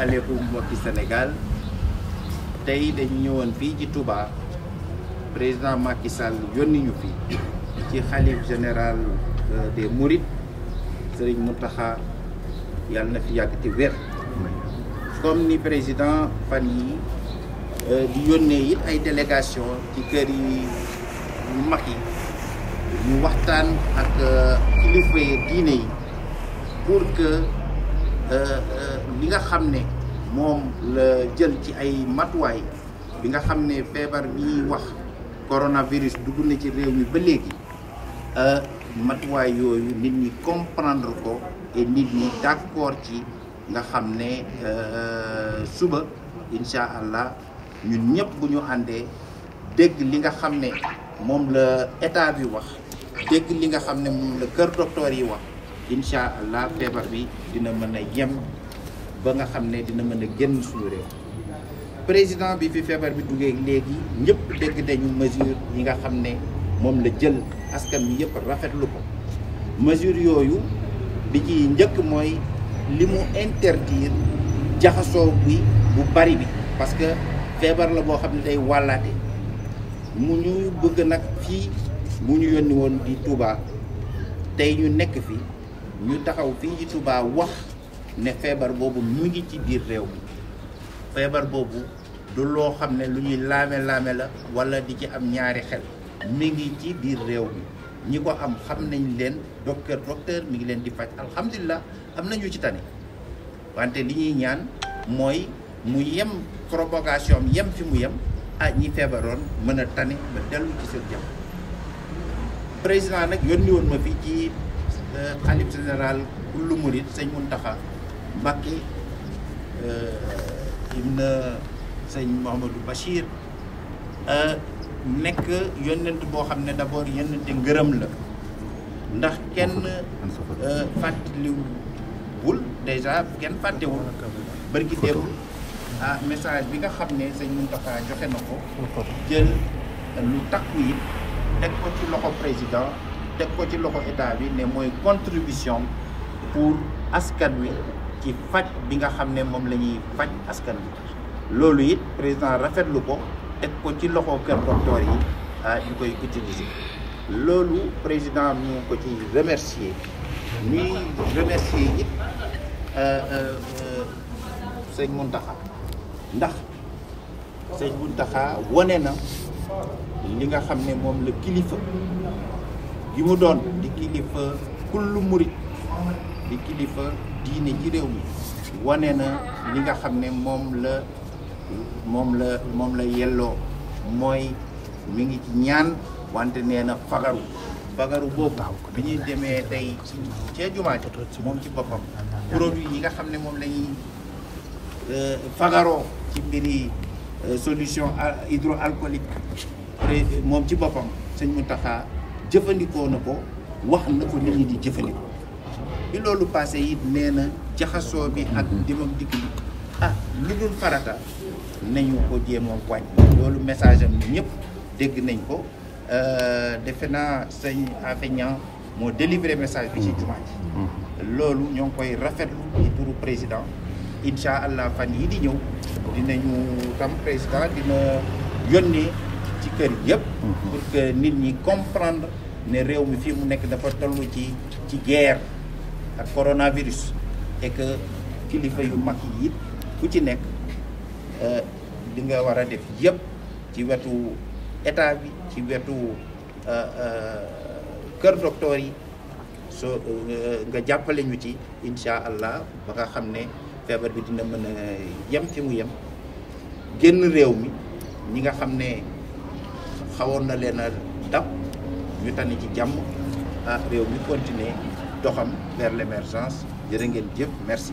asalaamaaleykum mbokki Sénégal tey dañu ñëwoon fii ci Touba président Macky Sall yónni ñu fii ci xalif général euh, des Mourides Serigne Mountakha yàlla na fi yàgg te wér comme ni président fan yi euh, di yónnee it ay délégation ci kër yi yu mag yi yu waxtaan ak euh, kilifa diine yi li euh, euh, nga xam ne moom la jël ci ay matuwaay bi nga xam ne feebar bi ñuy wax coronavirus dugg na ci réew mi ba léegi euh, matuwaay yooyu nit ñi comprendre ko et nit ñi d'accord ci nga xam ne suba incha allah ñun ñëpp bu ñu àndee dégg li nga xam ne moom la état bi wax dégg li nga xam ne moom la kër docteur yi wax incha allah feebar bi dina mën a yem ba nga xam ne dina mën a génn suñu réew président bi fi feebar bi duggee léegi ñëpp dégg dañu mesure yi nga xam ne moom la jël askan wi yëpp rafetlu ko mesure yooyu bi ci njëkk mooy li mu interdire jaxasoo bi bu bari bi parce que feebar la boo xam ne day wàllaate mu ñu bëgg nag fii mu ñu yónni woon di Touba tey ñu nekk fii ñu taxaw fii ci Touba wax ne feebar boobu mu ngi ci biir réew mi feebar boobu du loo xam ne lu ñuy laame-laame la wala di ci am ñaari xel mi ngi ci biir réew mi ñi ko am xam nañ leen docteur docteur mi ngi leen di faj alhamdulilah am nañu ci tane wante li ñuy ñaan mooy mu yem propagation yem fi mu yem ah ñi feebaroon mën a tane ba dellu ci seen jàmm président nag yónni woon ma fi ci xalif euh, général kullu murid sëñ Muntaxa Mbàkke euh, ibn sëñ Mouhamadou Bachir euh, nekk yónnent boo xam ne d'abord yónnente ngërëm la ndax kenn fàttaliwul déjà kenn fàttewul bërgi déewul ah message bi nga xam ne sëñ Muntaxa joxe na ko jël lu takku yi teg ko ci loxo président teg ko ci loxo état bi ne mooy contribution pour askan wi ci faj bi nga xam ne moom lañuy ñuy faj askan wi loolu it président rafetlu ko teg ko ci loxo kër docteur yi ñu ah, koy utiliser loolu président ñu ko ci remercier ñuy remercier it euh, euh, sëñ Mountakha ndax sëñ Mountakha wane na li nga xam ne moom la kilifa gi mu doon di kilifa kullu murit di kilifa diine ci réew mi wane na li nga xam ne moom la moom la moom la yelloo mooy mu ngi ci ñaan wante nee na fagaru fagaru boobu bi ñuy demee tey ci cee jumaa ji moom ci boppam produit yi nga xam ne moom la ñuy euh, fagaroo ci mbiri euh, solution euh, hydroalcoolique moom ci boppam sëñ Mountakha jëfandikoo na ko wax na ko nit di jëfandikoo bi loolu passé it nee na jaxasoo bi ak mm-hmm. dem ak dikk bi ah lu dul farata nañu ko jéem a wàññi loolu message am ñëpp dégg nañ ko euh, defe naa sëñ Afeñan moo délivré message bi ci mm-hmm. jumaa ji mm-hmm. loolu ñoo ngi koy rafetlu ci turu président incha allah fan yi di ñëw dinañu tam président dina yónnee acteurs yëpp. Mm-hmm. pour nit ñi comprendre ne réew mi fii mu nekk dafa tollu ci ci guerre ak coronavirus et que kilifa yu mag yi ku ci nekk euh, li nga war a def yëpp ci wetu état bi ci wetu euh, euh, kër docteur yi soo nga jàppale ñu ci incha allah ba nga xam ne feebar bi dina mën a yem fi mu yem génn réew mi ñi nga xam ne. xawoon na leen a dab ñu tani ci jàmm ah réew mi continuer doxam vers l'émergence jërë ngeen jëf merci